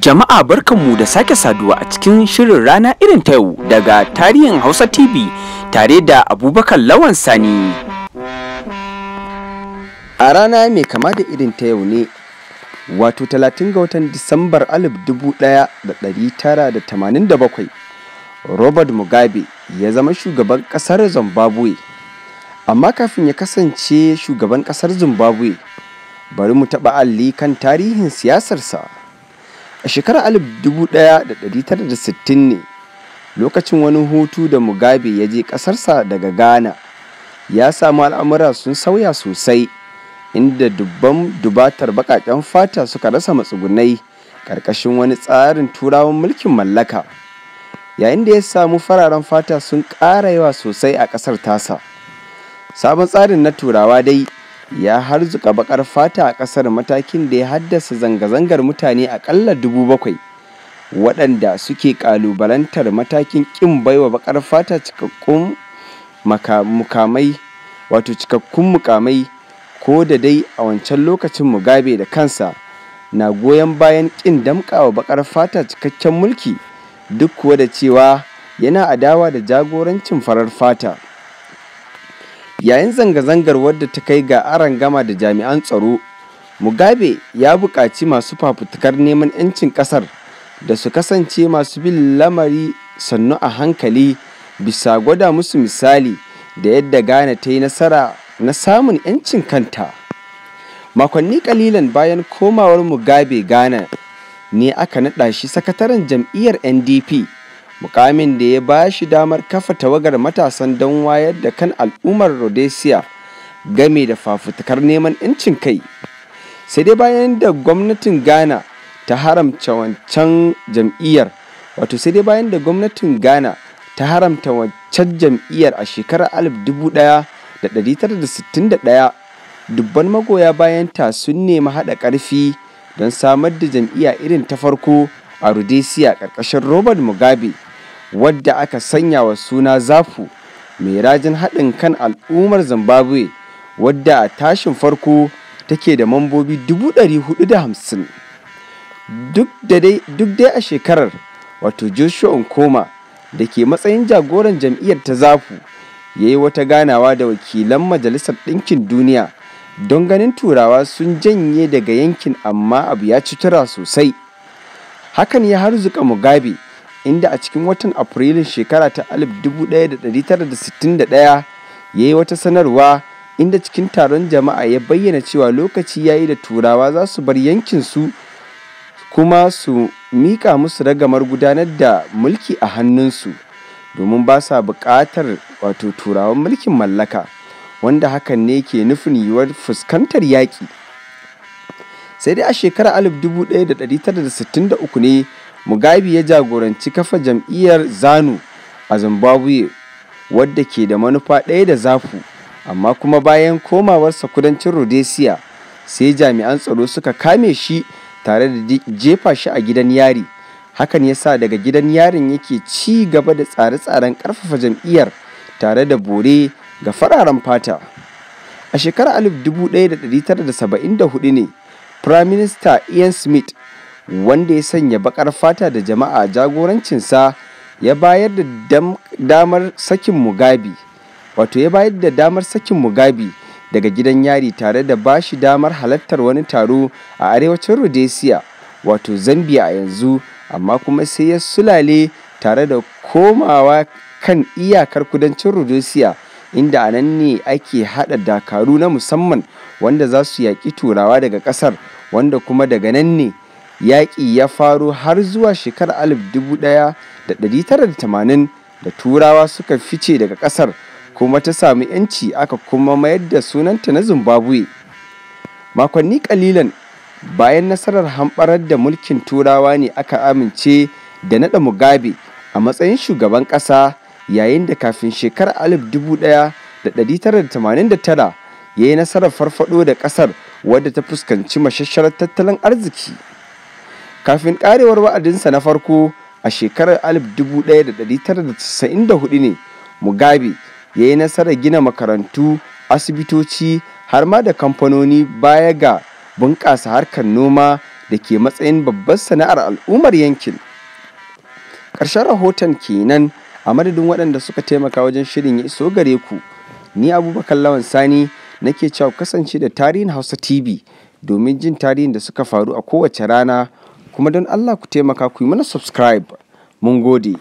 Jama'a barkanmu da sake saduwa a cikin shirin rana irin ta yau daga tarihin Hausa TV tare da Abubakar Lawan Sani. A rana mai kama da irin ta yau ne, wato 30 ga watan Disambar 1987, Robert Mugabe ya zama shugaban ƙasar Zimbabwe. Amma kafin ya kasance shugaban ƙasar Zimbabwe, bari mu taɓa alli kan tarihin siyasarsa. a shekarar 1960 ne lokacin wani hutu da mugabe ya je ƙasarsa daga ghana ya samu al'amura sun sauya sosai inda dubban dubatar baƙaƙen fata suka rasa matsugunai ƙarƙashin wani tsarin turawan mulkin mallaka yayin da ya samu fararen fata sun ƙara yawa sosai a ƙasar tasa sabon tsarin na turawa dai ya harzuka bakar fata a kasar matakin da ya haddasa zanga-zangar mutane akalla dubu bakwai waɗanda suke kalubalantar matakin ƙin baiwa bakar fata cikakkun mukamai wato cikakkun mukamai ko da dai a wancan lokacin mugabe da kansa na goyon bayan ƙin damƙawa bakar fata cikakken mulki duk kuwa da cewa yana adawa da jagorancin farar fata. yayin zanga-zangar wadda ta kai ga aran gama da jami'an tsaro mugabe ya buƙaci masu fafutukar neman 'yancin ƙasar da su kasance masu bin lamari sannu a hankali bisa gwada musu misali da yadda ghana ta yi nasara na samun 'yancin kanta makonni kalilan bayan komawar mugabe ghana ne aka naɗa shi sakataren jam'iyyar ndp mukamin da ya ba shi damar kafa tawagar matasan don wayar da kan al'ummar rhodesia game da fafutukar neman 'yancin kai sai dai bayan da gwamnatin ghana ta haramta wancan jam'iyyar wato sai dai bayan da gwamnatin ghana ta haramta wancan jam'iyyar a shekarar 1961 dubban magoya bayanta sun nemi haɗa ƙarfi don samar da jam'iyya irin ta farko a rhodesia ƙarƙashin robert mugabe wadda aka sanya wa suna zafu mai rajin haɗin kan al'ummar zimbabwe wadda a tashin farko take da mambobi 450 duk dai a shekarar wato joshua nkoma da ke matsayin jagoran jam'iyyar ta zafu ya yi wata ganawa da wakilan majalisar ɗinkin duniya don ganin turawa sun janye daga yankin amma abu ya ci sosai hakan ya harzuka mugabe inda a cikin watan Afrilun shekara ta 1961 ya yi wata sanarwa inda cikin taron jama'a ya bayyana cewa lokaci ya yi da turawa za su bar yankinsu kuma su miƙa musu ragamar gudanar da mulki a hannunsu domin ba sa buƙatar wato turawan mulkin mallaka wanda hakan ne ke nufin yiwuwar fuskantar yaƙi sai dai a shekarar 1963 ne mugabe ya jagoranci kafa jam'iyyar zanu a zimbabwe wadda ke da manufa ɗaya da zafu amma kuma bayan komawarsa kudancin rhodesia sai jami'an tsaro suka kame shi tare da jefa shi a gidan yari hakan ya sa daga gidan yarin yake ci gaba da tsare-tsaren ƙarfafa jam'iyyar tare da bore ga fararen fata a shekarar 1974 ne prime minister ian smith wanda ya sanya bakar fata da jama'a jagorancinsa ya bayar da damar sakin mugabi wato ya bayar da damar sakin mugabi daga gidan yari tare da ba shi damar halartar wani taro a arewacin rhodesia wato zambia a yanzu amma kuma sai ya sulale tare da komawa kan iyakar kudancin rhodesia inda a nan ne ake hada dakaru na musamman wanda za su yaƙi turawa daga ƙasar wanda kuma daga nan ne yaƙi ya faro har zuwa shekarar 1980 da turawa suka fice daga ƙasar kuma ta samu 'yanci aka kuma mayar da sunanta na zimbabwe makonni kalilan bayan nasarar hamɓarar da mulkin turawa ne aka amince da naɗa mugabe a matsayin shugaban ƙasa yayin da kafin shekarar 1989 ya yi nasarar farfado da ƙasar wadda ta fuskanci mashasharar tattalin arziki kafin karewar wa'adinsa na farko a shekarar 1994 ne mugabe ya yi nasarar gina makarantu asibitoci har ma da kamfanoni baya ga bunƙasa harkar noma da ke matsayin babbar sana'ar al'ummar yankin ƙarshen rahoton kenan a madadin waɗanda suka taimaka wajen shirin ya iso gare ku ni abubakar lawan sani nake cewa kasance da tarihin hausa tv domin jin tarihin da suka faru a kowace rana kuma don Allah ku taimaka ku yi mana subscribe mun gode